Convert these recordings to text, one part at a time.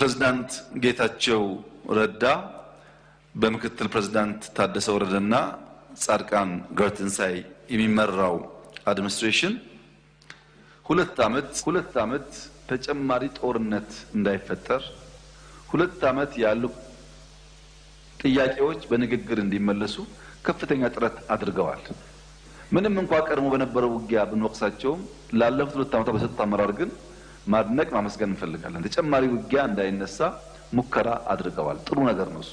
ፕሬዝዳንት ጌታቸው ረዳ በምክትል ፕሬዝዳንት ታደሰ ወረደና ጻድቃን ገርትንሳይ የሚመራው አድሚኒስትሬሽን ሁለት ዓመት ሁለት ዓመት ተጨማሪ ጦርነት እንዳይፈጠር ሁለት ዓመት ያሉ ጥያቄዎች በንግግር እንዲመለሱ ከፍተኛ ጥረት አድርገዋል። ምንም እንኳ ቀድሞ በነበረው ውጊያ ብንወቅሳቸውም ላለፉት ሁለት ዓመታት በሰጡት አመራር ግን ማድነቅ ማመስገን እንፈልጋለን። ተጨማሪ ውጊያ እንዳይነሳ ሙከራ አድርገዋል። ጥሩ ነገር ነው እሱ።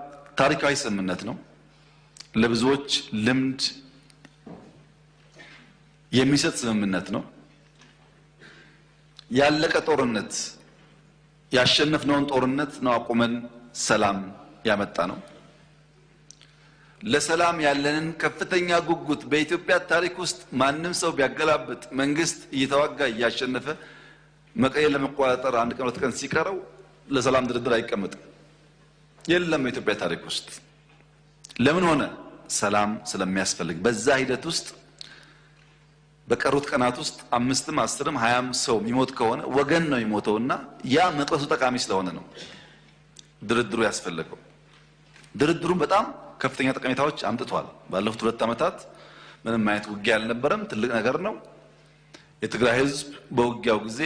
ታሪካዊ ስምምነት ነው። ለብዙዎች ልምድ የሚሰጥ ስምምነት ነው። ያለቀ ጦርነት ያሸነፍነውን ጦርነት ነው አቁመን ሰላም ያመጣ ነው። ለሰላም ያለንን ከፍተኛ ጉጉት በኢትዮጵያ ታሪክ ውስጥ ማንም ሰው ቢያገላብጥ መንግስት እየተዋጋ እያሸነፈ መቀሌ ለመቆጣጠር አንድ ቀን ሁለት ቀን ሲቀረው ለሰላም ድርድር አይቀመጥም። የለም የኢትዮጵያ ታሪክ ውስጥ ለምን ሆነ? ሰላም ስለሚያስፈልግ። በዛ ሂደት ውስጥ በቀሩት ቀናት ውስጥ አምስትም አስርም ሀያም ሰው የሚሞት ከሆነ ወገን ነው የሚሞተውና ያ መጥረሱ ጠቃሚ ስለሆነ ነው ድርድሩ ያስፈለገው። ድርድሩን በጣም ከፍተኛ ጠቀሜታዎች አምጥቷል። ባለፉት ሁለት ዓመታት ምንም አይነት ውጊያ አልነበረም። ትልቅ ነገር ነው። የትግራይ ህዝብ በውጊያው ጊዜ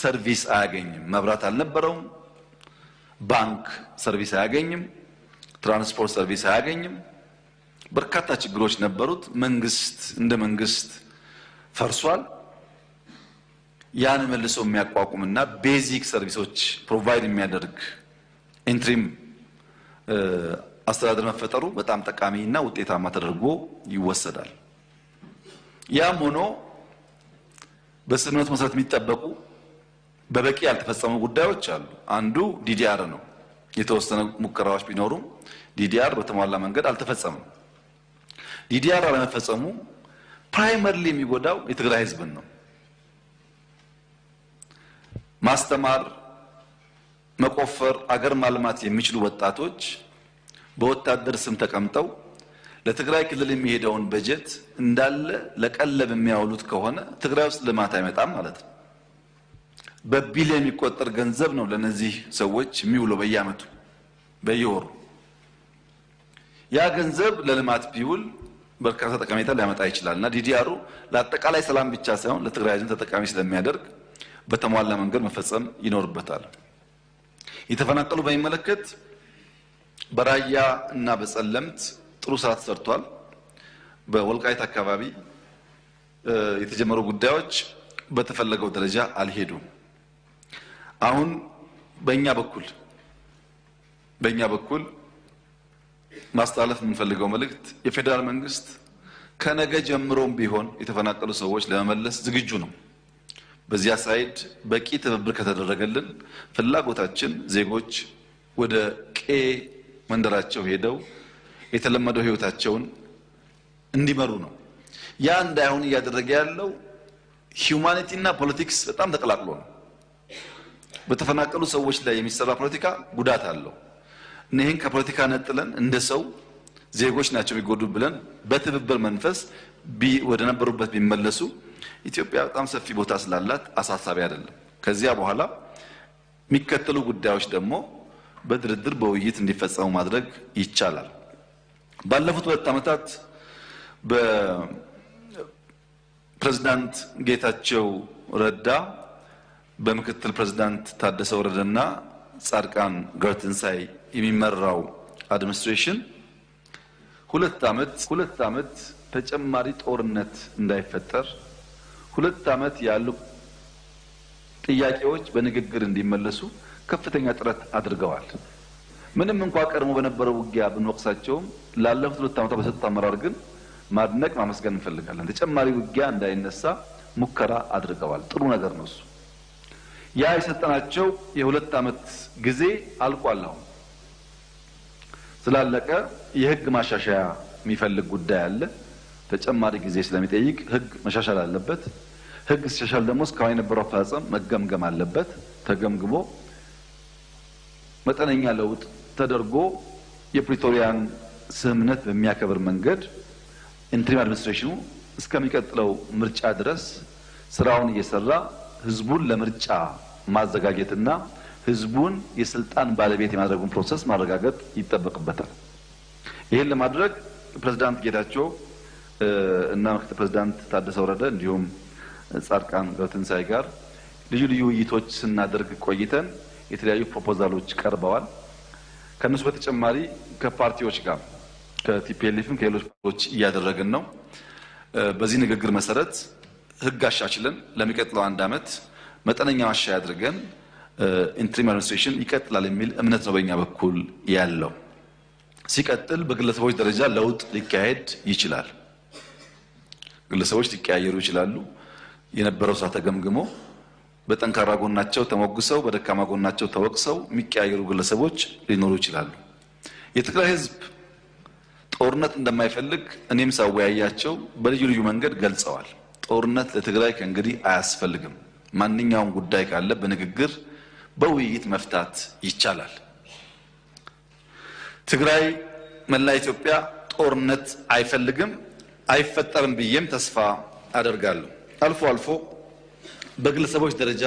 ሰርቪስ አያገኝም። መብራት አልነበረውም። ባንክ ሰርቪስ አያገኝም፣ ትራንስፖርት ሰርቪስ አያገኝም። በርካታ ችግሮች ነበሩት። መንግስት እንደ መንግስት ፈርሷል። ያን መልሶ የሚያቋቁምና ቤዚክ ሰርቪሶች ፕሮቫይድ የሚያደርግ ኢንትሪም አስተዳደር መፈጠሩ በጣም ጠቃሚ እና ውጤታማ ተደርጎ ይወሰዳል። ያም ሆኖ በስንመት መሰረት የሚጠበቁ በበቂ ያልተፈጸሙ ጉዳዮች አሉ። አንዱ ዲዲአር ነው። የተወሰነ ሙከራዎች ቢኖሩም ዲዲአር በተሟላ መንገድ አልተፈጸመም። ዲዲአር አለመፈጸሙ ፕራይመሪሊ የሚጎዳው የትግራይ ህዝብን ነው። ማስተማር፣ መቆፈር፣ አገር ማልማት የሚችሉ ወጣቶች በወታደር ስም ተቀምጠው ለትግራይ ክልል የሚሄደውን በጀት እንዳለ ለቀለብ የሚያውሉት ከሆነ ትግራይ ውስጥ ልማት አይመጣም ማለት ነው። በቢል የሚቆጠር ገንዘብ ነው ለነዚህ ሰዎች የሚውለው በየአመቱ በየወሩ። ያ ገንዘብ ለልማት ቢውል በርካታ ጠቀሜታ ሊያመጣ ይችላል እና ዲዲአሩ ለአጠቃላይ ሰላም ብቻ ሳይሆን ለትግራይ ሕዝብ ተጠቃሚ ስለሚያደርግ በተሟላ መንገድ መፈጸም ይኖርበታል። የተፈናቀሉ በሚመለከት በራያ እና በጸለምት ጥሩ ስራ ተሰርቷል። በወልቃይት አካባቢ የተጀመሩ ጉዳዮች በተፈለገው ደረጃ አልሄዱም። አሁን በእኛ በኩል በእኛ በኩል ማስተላለፍ የምንፈልገው መልእክት የፌዴራል መንግስት ከነገ ጀምሮም ቢሆን የተፈናቀሉ ሰዎች ለመመለስ ዝግጁ ነው። በዚያ ሳይድ በቂ ትብብር ከተደረገልን ፍላጎታችን ዜጎች ወደ ቄ መንደራቸው ሄደው የተለመደው ህይወታቸውን እንዲመሩ ነው። ያ እንዳይሆን እያደረገ ያለው ሂውማኒቲ እና ፖለቲክስ በጣም ተቀላቅሎ ነው። በተፈናቀሉ ሰዎች ላይ የሚሰራ ፖለቲካ ጉዳት አለው። ይህን ከፖለቲካ ነጥለን እንደ ሰው ዜጎች ናቸው የሚጎዱ ብለን በትብብር መንፈስ ወደ ነበሩበት ቢመለሱ ኢትዮጵያ በጣም ሰፊ ቦታ ስላላት አሳሳቢ አይደለም። ከዚያ በኋላ የሚከተሉ ጉዳዮች ደግሞ በድርድር በውይይት እንዲፈጸሙ ማድረግ ይቻላል። ባለፉት ሁለት ዓመታት በፕሬዝዳንት ጌታቸው ረዳ በምክትል ፕሬዚዳንት ታደሰ ወረደና ጻድቃን ገብረትንሳኤ የሚመራው አድሚኒስትሬሽን ሁለት ዓመት ሁለት ዓመት ተጨማሪ ጦርነት እንዳይፈጠር ሁለት ዓመት ያሉ ጥያቄዎች በንግግር እንዲመለሱ ከፍተኛ ጥረት አድርገዋል። ምንም እንኳ ቀድሞ በነበረው ውጊያ ብንወቅሳቸውም ላለፉት ሁለት ዓመታት በሰጡት አመራር ግን ማድነቅ ማመስገን እንፈልጋለን። ተጨማሪ ውጊያ እንዳይነሳ ሙከራ አድርገዋል። ጥሩ ነገር ነው እሱ። ያ የሰጠናቸው የሁለት ዓመት ጊዜ አልቋል። አሁን ስላለቀ የህግ ማሻሻያ የሚፈልግ ጉዳይ አለ። ተጨማሪ ጊዜ ስለሚጠይቅ ህግ መሻሻል አለበት። ህግ ሲሻሻል ደግሞ እስካሁን የነበረው አፈጻጸም መገምገም አለበት። ተገምግሞ መጠነኛ ለውጥ ተደርጎ የፕሪቶሪያን ስምምነት በሚያከብር መንገድ ኢንትሪም አድሚኒስትሬሽኑ እስከሚቀጥለው ምርጫ ድረስ ስራውን እየሰራ ህዝቡን ለምርጫ ማዘጋጀትና ህዝቡን የስልጣን ባለቤት የማድረጉን ፕሮሰስ ማረጋገጥ ይጠበቅበታል። ይህን ለማድረግ ፕሬዚዳንት ጌታቸው እና ምክትል ፕሬዚዳንት ታደሰ ወረደ እንዲሁም ጻድቃን ገብረትንሳኤ ጋር ልዩ ልዩ ውይይቶች ስናደርግ ቆይተን የተለያዩ ፕሮፖዛሎች ቀርበዋል። ከእነሱ በተጨማሪ ከፓርቲዎች ጋር ከቲፒኤልኤፍም ከሌሎች ፓርቲዎች እያደረግን ነው። በዚህ ንግግር መሰረት ህግ አሻችለን ለሚቀጥለው አንድ ዓመት መጠነኛ ማሻ አድርገን ኢንትሪም አድሚኒስትሬሽን ይቀጥላል የሚል እምነት ነው በእኛ በኩል ያለው። ሲቀጥል በግለሰቦች ደረጃ ለውጥ ሊካሄድ ይችላል። ግለሰቦች ሊቀያየሩ ይችላሉ። የነበረው ስራ ተገምግሞ በጠንካራ ጎናቸው ተሞግሰው በደካማ ጎናቸው ተወቅሰው የሚቀያየሩ ግለሰቦች ሊኖሩ ይችላሉ። የትግራይ ህዝብ ጦርነት እንደማይፈልግ እኔም ሳወያያቸው በልዩ ልዩ መንገድ ገልጸዋል። ጦርነት ለትግራይ ከእንግዲህ አያስፈልግም። ማንኛውም ጉዳይ ካለ በንግግር በውይይት መፍታት ይቻላል። ትግራይ መላ ኢትዮጵያ ጦርነት አይፈልግም፣ አይፈጠርም ብዬም ተስፋ አደርጋለሁ። አልፎ አልፎ በግለሰቦች ደረጃ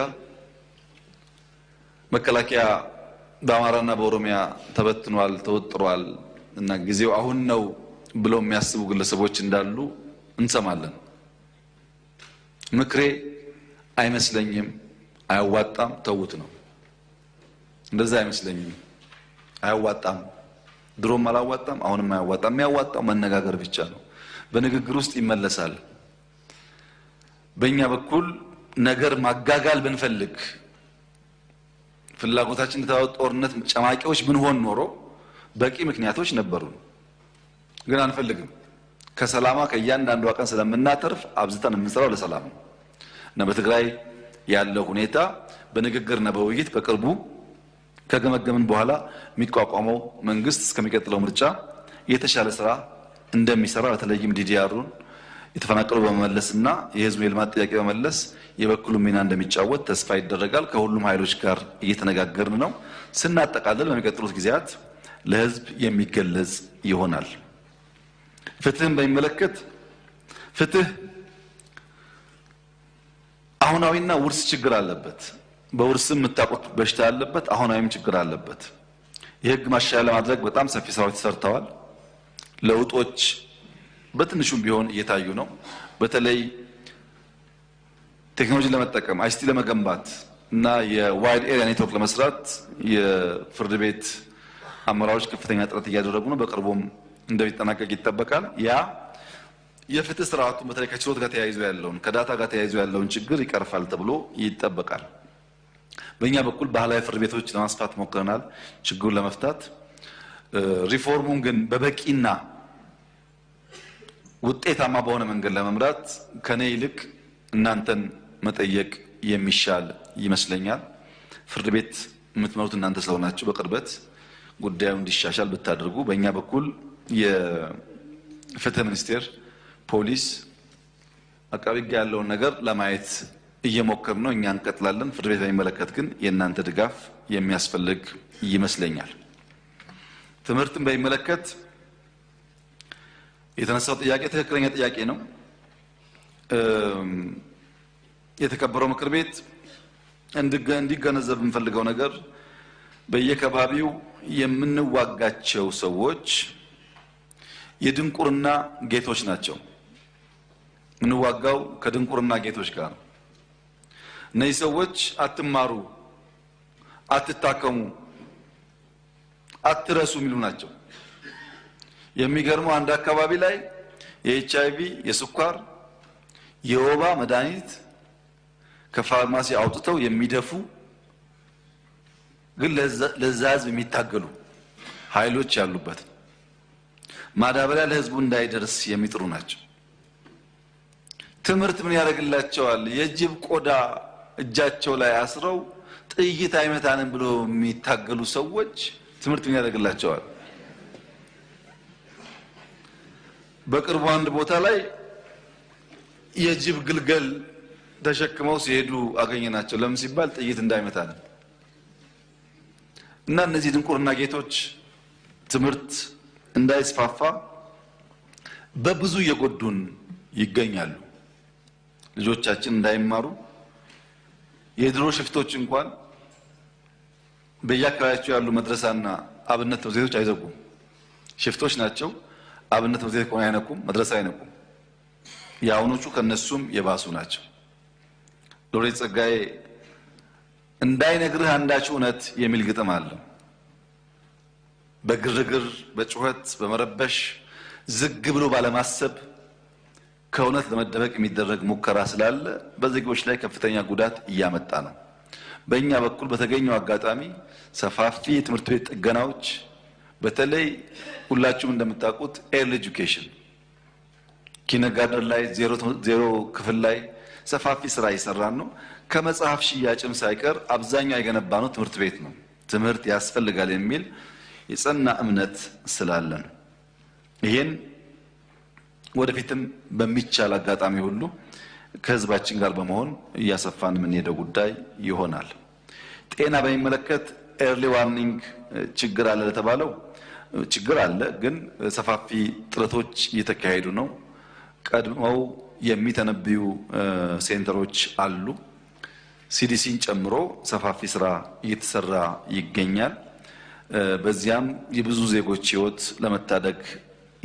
መከላከያ በአማራና በኦሮሚያ ተበትኗል፣ ተወጥሯል እና ጊዜው አሁን ነው ብለው የሚያስቡ ግለሰቦች እንዳሉ እንሰማለን። ምክሬ አይመስለኝም፣ አያዋጣም፣ ተውት ነው። እንደዛ አይመስለኝም፣ አያዋጣም፣ ድሮም አላዋጣም፣ አሁንም አያዋጣም። የሚያዋጣው መነጋገር ብቻ ነው። በንግግር ውስጥ ይመለሳል። በእኛ በኩል ነገር ማጋጋል ብንፈልግ ፍላጎታችን እንደታወ ጦርነት ጨማቂዎች ብንሆን ኖሮ በቂ ምክንያቶች ነበሩን፣ ግን አንፈልግም። ከሰላማ ከእያንዳንዷ ቀን ስለምናተርፍ አብዝተን የምንሰራው ለሰላም ነው እና በትግራይ ያለው ሁኔታ በንግግርና በውይይት በቅርቡ ከገመገምን በኋላ የሚቋቋመው መንግስት እስከሚቀጥለው ምርጫ የተሻለ ስራ እንደሚሰራ በተለይም ዲዲአሩን የተፈናቀሉ በመመለስና የህዝቡ የልማት ጥያቄ በመለስ የበኩሉ ሚና እንደሚጫወት ተስፋ ይደረጋል። ከሁሉም ኃይሎች ጋር እየተነጋገርን ነው። ስናጠቃልል በሚቀጥሉት ጊዜያት ለህዝብ የሚገለጽ ይሆናል። ፍትህን በሚመለከት ፍትህ አሁናዊና ውርስ ችግር አለበት። በውርስም የምታውቁት በሽታ ያለበት አሁናዊም ችግር አለበት። የህግ ማሻያ ለማድረግ በጣም ሰፊ ስራዎች ተሰርተዋል። ለውጦች በትንሹም ቢሆን እየታዩ ነው። በተለይ ቴክኖሎጂ ለመጠቀም አይሲቲ ለመገንባት እና የዋይድ ኤሪያ ኔትወርክ ለመስራት የፍርድ ቤት አመራሮች ከፍተኛ ጥረት እያደረጉ ነው። በቅርቡም እንደሚጠናቀቅ ይጠበቃል። ያ የፍትህ ስርዓቱን በተለይ ከችሎት ጋር ተያይዞ ያለውን ከዳታ ጋር ተያይዞ ያለውን ችግር ይቀርፋል ተብሎ ይጠበቃል። በእኛ በኩል ባህላዊ ፍርድ ቤቶች ለማስፋት ሞክረናል ችግሩን ለመፍታት። ሪፎርሙን ግን በበቂና ውጤታማ በሆነ መንገድ ለመምራት ከኔ ይልቅ እናንተን መጠየቅ የሚሻል ይመስለኛል። ፍርድ ቤት የምትመሩት እናንተ ስለሆናችሁ በቅርበት ጉዳዩ እንዲሻሻል ብታደርጉ በእኛ በኩል የፍትህ ሚኒስቴር፣ ፖሊስ፣ አቃቢ ሕግ ያለውን ነገር ለማየት እየሞከር ነው። እኛ እንቀጥላለን። ፍርድ ቤት የሚመለከት ግን የእናንተ ድጋፍ የሚያስፈልግ ይመስለኛል። ትምህርትን በሚመለከት የተነሳው ጥያቄ ትክክለኛ ጥያቄ ነው። የተከበረው ምክር ቤት እንዲገነዘብ የምፈልገው ነገር በየከባቢው የምንዋጋቸው ሰዎች የድንቁርና ጌቶች ናቸው። የምንዋጋው ከድንቁርና ጌቶች ጋር ነው። እነዚህ ሰዎች አትማሩ፣ አትታከሙ፣ አትረሱ የሚሉ ናቸው። የሚገርመው አንድ አካባቢ ላይ የኤች አይቪ፣ የስኳር፣ የወባ መድኃኒት ከፋርማሲ አውጥተው የሚደፉ ግን ለዛ ህዝብ የሚታገሉ ኃይሎች ያሉበት ማዳበሪያ ለህዝቡ እንዳይደርስ የሚጥሩ ናቸው። ትምህርት ምን ያደርግላቸዋል? የጅብ ቆዳ እጃቸው ላይ አስረው ጥይት አይመታንም ብሎ የሚታገሉ ሰዎች ትምህርት ምን ያደርግላቸዋል? በቅርቡ አንድ ቦታ ላይ የጅብ ግልገል ተሸክመው ሲሄዱ አገኘናቸው። ለምን ሲባል ጥይት እንዳይመታንም እና እነዚህ ድንቁርና ጌቶች ትምህርት እንዳይስፋፋ በብዙ የጎዱን ይገኛሉ። ልጆቻችን እንዳይማሩ የድሮ ሽፍቶች እንኳን በየአካባቢያቸው ያሉ መድረሳና አብነት ትምህርት ቤቶች አይዘጉም። ሽፍቶች ናቸው። አብነት ትምህርት ቤት ከሆነ አይነቁም፣ መድረሳ አይነቁም። የአሁኖቹ ከነሱም የባሱ ናቸው። ሎሬት ጸጋዬ እንዳይነግርህ አንዳች እውነት የሚል ግጥም አለው። በግርግር በጩኸት በመረበሽ ዝግ ብሎ ባለማሰብ ከእውነት ለመደበቅ የሚደረግ ሙከራ ስላለ በዜጎች ላይ ከፍተኛ ጉዳት እያመጣ ነው። በእኛ በኩል በተገኘው አጋጣሚ ሰፋፊ የትምህርት ቤት ጥገናዎች፣ በተለይ ሁላችሁም እንደምታውቁት ኤር ኤጁኬሽን ኪነጋደር ላይ ዜሮ ክፍል ላይ ሰፋፊ ስራ እየሰራን ነው። ከመጽሐፍ ሽያጭም ሳይቀር አብዛኛው የገነባ ነው ትምህርት ቤት ነው። ትምህርት ያስፈልጋል የሚል የጸና እምነት ስላለን ይሄን ወደፊትም በሚቻል አጋጣሚ ሁሉ ከህዝባችን ጋር በመሆን እያሰፋን የምንሄደው ጉዳይ ይሆናል። ጤና በሚመለከት ኤርሊ ዋርኒንግ ችግር አለ ለተባለው ችግር አለ፣ ግን ሰፋፊ ጥረቶች እየተካሄዱ ነው። ቀድመው የሚተነብዩ ሴንተሮች አሉ። ሲዲሲን ጨምሮ ሰፋፊ ስራ እየተሰራ ይገኛል። በዚያም የብዙ ዜጎች ህይወት ለመታደግ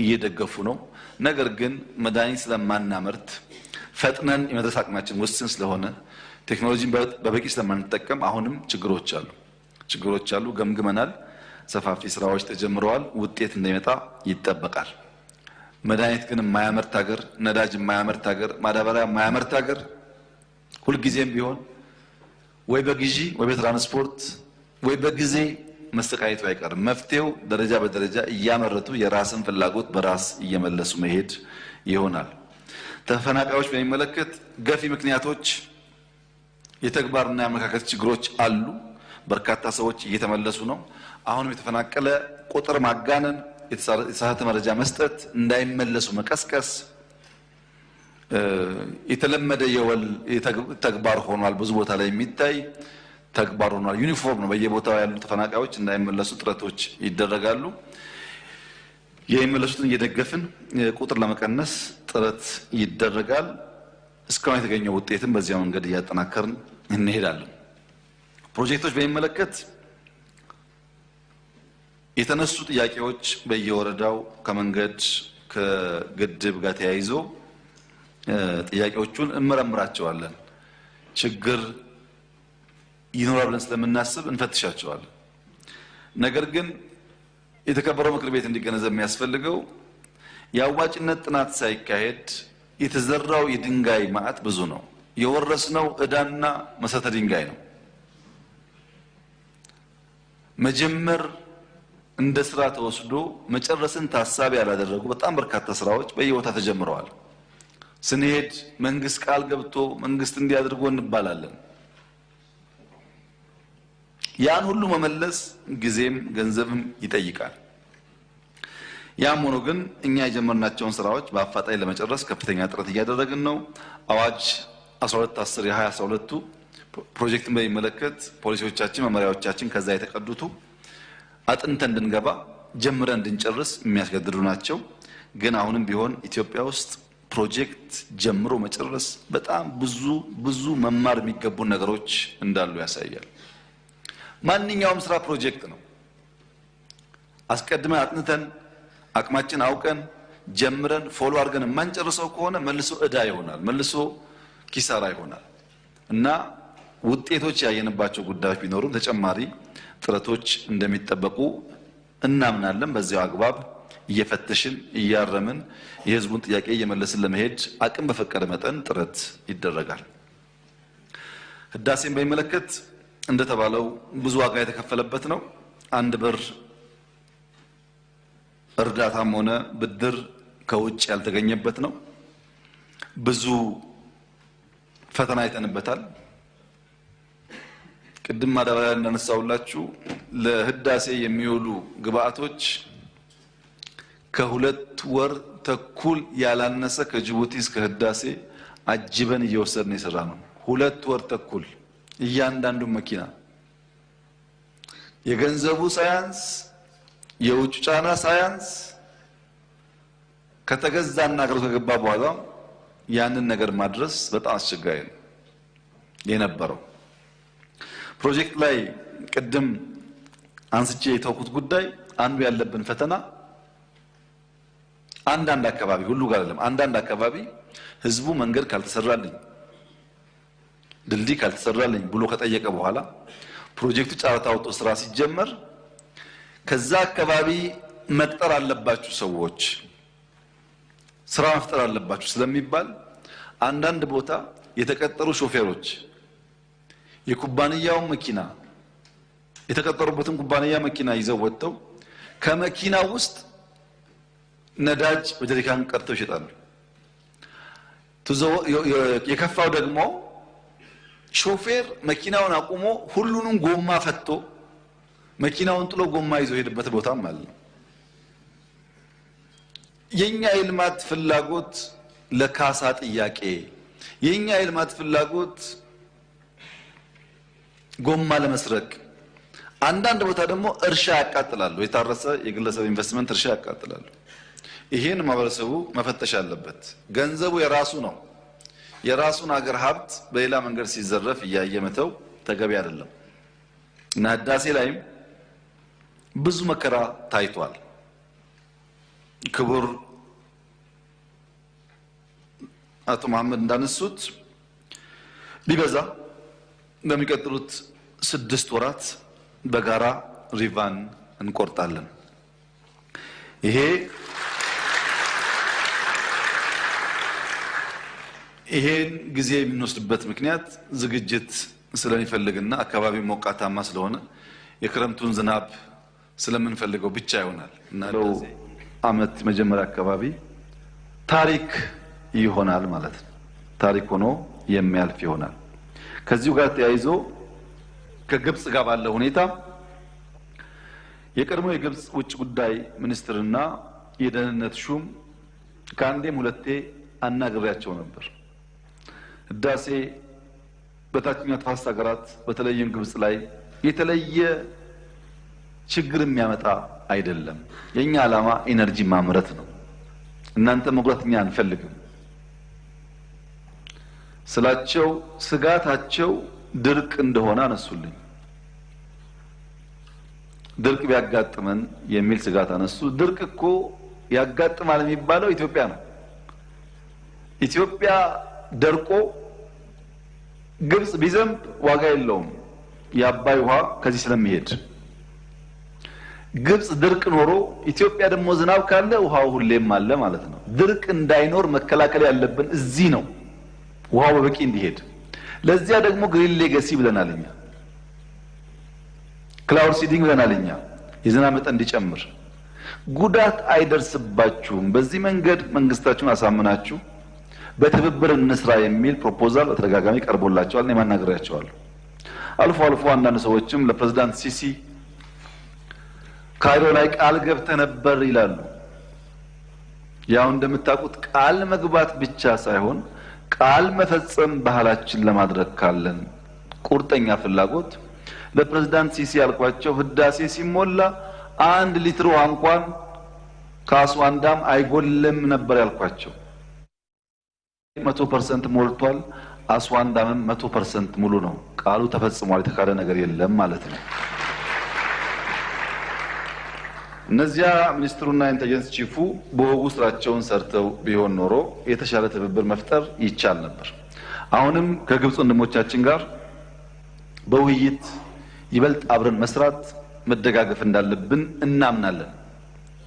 እየደገፉ ነው። ነገር ግን መድኃኒት ስለማናመርት ፈጥነን የመድረስ አቅማችን ውስን ስለሆነ ቴክኖሎጂን በበቂ ስለማንጠቀም አሁንም ችግሮች አሉ ችግሮች አሉ። ገምግመናል። ሰፋፊ ስራዎች ተጀምረዋል። ውጤት እንደሚመጣ ይጠበቃል። መድኃኒት ግን የማያመርት ሀገር፣ ነዳጅ የማያመርት ሀገር፣ ማዳበሪያ የማያመርት ሀገር ሁልጊዜም ቢሆን ወይ በግዢ ወይ በትራንስፖርት ወይ በጊዜ መሰቃየቱ አይቀርም። መፍትሄው ደረጃ በደረጃ እያመረቱ የራስን ፍላጎት በራስ እየመለሱ መሄድ ይሆናል። ተፈናቃዮች በሚመለከት ገፊ ምክንያቶች የተግባርና የአመለካከት ችግሮች አሉ። በርካታ ሰዎች እየተመለሱ ነው። አሁንም የተፈናቀለ ቁጥር ማጋነን፣ የተሳሳተ መረጃ መስጠት፣ እንዳይመለሱ መቀስቀስ የተለመደ የወል ተግባር ሆኗል። ብዙ ቦታ ላይ የሚታይ ተግባር ሆኗል። ዩኒፎርም ነው። በየቦታው ያሉ ተፈናቃዮች እንዳይመለሱ ጥረቶች ይደረጋሉ። የሚመለሱትን እየደገፍን ቁጥር ለመቀነስ ጥረት ይደረጋል። እስካሁን የተገኘው ውጤትም በዚያ መንገድ እያጠናከርን እንሄዳለን። ፕሮጀክቶች በሚመለከት የተነሱ ጥያቄዎች በየወረዳው ከመንገድ ከግድብ ጋር ተያይዞ ጥያቄዎቹን እንመረምራቸዋለን። ችግር ይኖራል ብለን ስለምናስብ እንፈትሻቸዋለን። ነገር ግን የተከበረው ምክር ቤት እንዲገነዘብ የሚያስፈልገው የአዋጭነት ጥናት ሳይካሄድ የተዘራው የድንጋይ ማዕት ብዙ ነው። የወረስነው እዳና መሰረተ ድንጋይ ነው። መጀመር እንደ ስራ ተወስዶ መጨረስን ታሳቢ ያላደረጉ በጣም በርካታ ስራዎች በየቦታ ተጀምረዋል። ስንሄድ መንግስት ቃል ገብቶ መንግስት እንዲያድርጎ እንባላለን። ያን ሁሉ መመለስ ጊዜም ገንዘብም ይጠይቃል። ያም ሆኖ ግን እኛ የጀመርናቸውን ስራዎች በአፋጣኝ ለመጨረስ ከፍተኛ ጥረት እያደረግን ነው። አዋጅ 12 10 የ 2012 ፕሮጀክትን በሚመለከት ፖሊሲዎቻችን፣ መመሪያዎቻችን ከዛ የተቀዱቱ አጥንተን እንድንገባ ጀምረን እንድንጨርስ የሚያስገድዱ ናቸው። ግን አሁንም ቢሆን ኢትዮጵያ ውስጥ ፕሮጀክት ጀምሮ መጨረስ በጣም ብዙ ብዙ መማር የሚገቡን ነገሮች እንዳሉ ያሳያል። ማንኛውም ስራ ፕሮጀክት ነው። አስቀድመን አጥንተን አቅማችን አውቀን ጀምረን ፎሎ አድርገን የማንጨርሰው ከሆነ መልሶ እዳ ይሆናል፣ መልሶ ኪሳራ ይሆናል እና ውጤቶች ያየንባቸው ጉዳዮች ቢኖሩም ተጨማሪ ጥረቶች እንደሚጠበቁ እናምናለን። በዚያው አግባብ እየፈተሽን እያረምን የህዝቡን ጥያቄ እየመለስን ለመሄድ አቅም በፈቀደ መጠን ጥረት ይደረጋል። ህዳሴን በሚመለከት እንደተባለው ብዙ ዋጋ የተከፈለበት ነው። አንድ ብር እርዳታም ሆነ ብድር ከውጭ ያልተገኘበት ነው። ብዙ ፈተና አይተንበታል። ቅድም ማዳበሪያ እንዳነሳውላችሁ ለህዳሴ የሚውሉ ግብአቶች ከሁለት ወር ተኩል ያላነሰ ከጅቡቲ እስከ ህዳሴ አጅበን እየወሰድን የሰራ ነው። ሁለት ወር ተኩል እያንዳንዱ መኪና የገንዘቡ ሳያንስ የውጭ ጫና ሳያንስ ከተገዛና አገር ከገባ በኋላ ያንን ነገር ማድረስ በጣም አስቸጋሪ ነው የነበረው። ፕሮጀክት ላይ ቅድም አንስቼ የተውኩት ጉዳይ አንዱ ያለብን ፈተና አንዳንድ አካባቢ ሁሉ ጋር አይደለም፣ አንዳንድ አካባቢ ህዝቡ መንገድ ካልተሰራልኝ ድልድይ ካልተሰራልኝ ብሎ ከጠየቀ በኋላ ፕሮጀክቱ ጨረታ አውጥቶ ስራ ሲጀመር ከዛ አካባቢ መቅጠር አለባችሁ ሰዎች ስራ መፍጠር አለባችሁ ስለሚባል አንዳንድ ቦታ የተቀጠሩ ሾፌሮች የኩባንያውን መኪና የተቀጠሩበትን ኩባንያ መኪና ይዘው ወጥተው ከመኪና ውስጥ ነዳጅ በጀሪካን ቀርተው ይሸጣሉ። የከፋው ደግሞ ሾፌር መኪናውን አቁሞ ሁሉንም ጎማ ፈቶ መኪናውን ጥሎ ጎማ ይዞ ሄድበት ቦታም አለ። የኛ የልማት ፍላጎት ለካሳ ጥያቄ፣ የኛ የልማት ፍላጎት ጎማ ለመስረቅ፣ አንዳንድ ቦታ ደግሞ እርሻ ያቃጥላሉ። የታረሰ የግለሰብ ኢንቨስትመንት እርሻ ያቃጥላሉ። ይሄን ማህበረሰቡ መፈተሽ አለበት። ገንዘቡ የራሱ ነው። የራሱን አገር ሀብት በሌላ መንገድ ሲዘረፍ እያየ መተው ተገቢ አይደለም እና ህዳሴ ላይም ብዙ መከራ ታይቷል። ክቡር አቶ መሐመድ እንዳነሱት ሊበዛ በሚቀጥሉት ስድስት ወራት በጋራ ሪቫን እንቆርጣለን። ይሄ ይሄን ጊዜ የምንወስድበት ምክንያት ዝግጅት ስለሚፈልግና አካባቢ ሞቃታማ ስለሆነ የክረምቱን ዝናብ ስለምንፈልገው ብቻ ይሆናል እና አመት መጀመሪያ አካባቢ ታሪክ ይሆናል ማለት ነው። ታሪክ ሆኖ የሚያልፍ ይሆናል። ከዚሁ ጋር ተያይዞ ከግብፅ ጋር ባለው ሁኔታ የቀድሞ የግብፅ ውጭ ጉዳይ ሚኒስትርና የደህንነት ሹም ከአንዴም ሁለቴ አናግሬያቸው ነበር። ህዳሴ በታችኛው ተፋሰስ ሀገራት በተለይም ግብጽ ላይ የተለየ ችግር የሚያመጣ አይደለም። የእኛ ዓላማ ኢነርጂ ማምረት ነው። እናንተ መጉዳት እኛ አንፈልግም ስላቸው ስጋታቸው ድርቅ እንደሆነ አነሱልኝ። ድርቅ ቢያጋጥመን የሚል ስጋት አነሱ። ድርቅ እኮ ያጋጥማል የሚባለው ኢትዮጵያ ነው። ኢትዮጵያ ደርቆ ግብጽ ቢዘንብ ዋጋ የለውም የአባይ ውሃ ከዚህ ስለሚሄድ ግብጽ ድርቅ ኖሮ ኢትዮጵያ ደግሞ ዝናብ ካለ ውሃው ሁሌም አለ ማለት ነው። ድርቅ እንዳይኖር መከላከል ያለብን እዚህ ነው፣ ውሃው በበቂ እንዲሄድ። ለዚያ ደግሞ ግሪን ሌገሲ ብለናል እኛ፣ ክላውድ ሲዲንግ ብለናል እኛ፣ የዝናብ መጠን እንዲጨምር። ጉዳት አይደርስባችሁም። በዚህ መንገድ መንግስታችሁን አሳምናችሁ በትብብር እንስራ የሚል ፕሮፖዛል በተደጋጋሚ ቀርቦላቸዋል። እኔ ማናገሪያቸዋለሁ። አልፎ አልፎ አንዳንድ ሰዎችም ለፕሬዚዳንት ሲሲ ካይሮ ላይ ቃል ገብተ ነበር ይላሉ። ያው እንደምታውቁት ቃል መግባት ብቻ ሳይሆን ቃል መፈጸም ባህላችን ለማድረግ ካለን ቁርጠኛ ፍላጎት ለፕሬዚዳንት ሲሲ ያልኳቸው ህዳሴ ሲሞላ አንድ ሊትር ውሃ እንኳን ከአስዋን አይጎልም ነበር ያልኳቸው። መቶ ፐርሰንት ሞልቷል። አስዋን ዳምም መቶ ፐርሰንት ሙሉ ነው። ቃሉ ተፈጽሟል። የተካደ ነገር የለም ማለት ነው። እነዚያ ሚኒስትሩና ኢንቴሊጀንስ ቺፉ በወጉ ስራቸውን ሰርተው ቢሆን ኖሮ የተሻለ ትብብር መፍጠር ይቻል ነበር። አሁንም ከግብፅ ወንድሞቻችን ጋር በውይይት ይበልጥ አብረን መስራት መደጋገፍ እንዳለብን እናምናለን።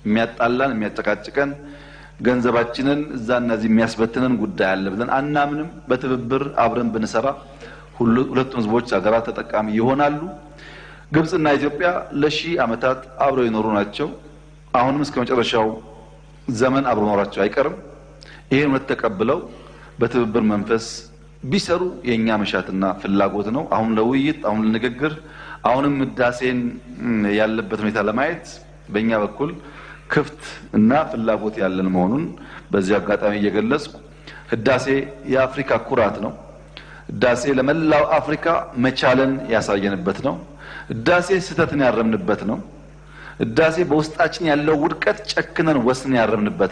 የሚያጣላን የሚያጨቃጭቀን ገንዘባችንን እና እዚህ የሚያስበትንን ጉዳይ አለ ብለን አናምንም። በትብብር አብረን ብንሰራ ሁለቱም ህዝቦች፣ ሀገራት ተጠቃሚ ይሆናሉ። ግብፅና ኢትዮጵያ ለሺህ ዓመታት አብረው የኖሩ ናቸው። አሁንም እስከ መጨረሻው ዘመን አብረው ኖራቸው አይቀርም። ይህን እውነት ተቀብለው በትብብር መንፈስ ቢሰሩ የእኛ መሻትና ፍላጎት ነው። አሁን ለውይይት፣ አሁን ለንግግር፣ አሁንም ህዳሴን ያለበት ሁኔታ ለማየት በእኛ በኩል ክፍት እና ፍላጎት ያለን መሆኑን በዚህ አጋጣሚ እየገለጽኩ ህዳሴ የአፍሪካ ኩራት ነው። ህዳሴ ለመላው አፍሪካ መቻለን ያሳየንበት ነው። ህዳሴ ስህተትን ያረምንበት ነው። ህዳሴ በውስጣችን ያለው ውድቀት ጨክነን ወስን ያረምንበት ነው።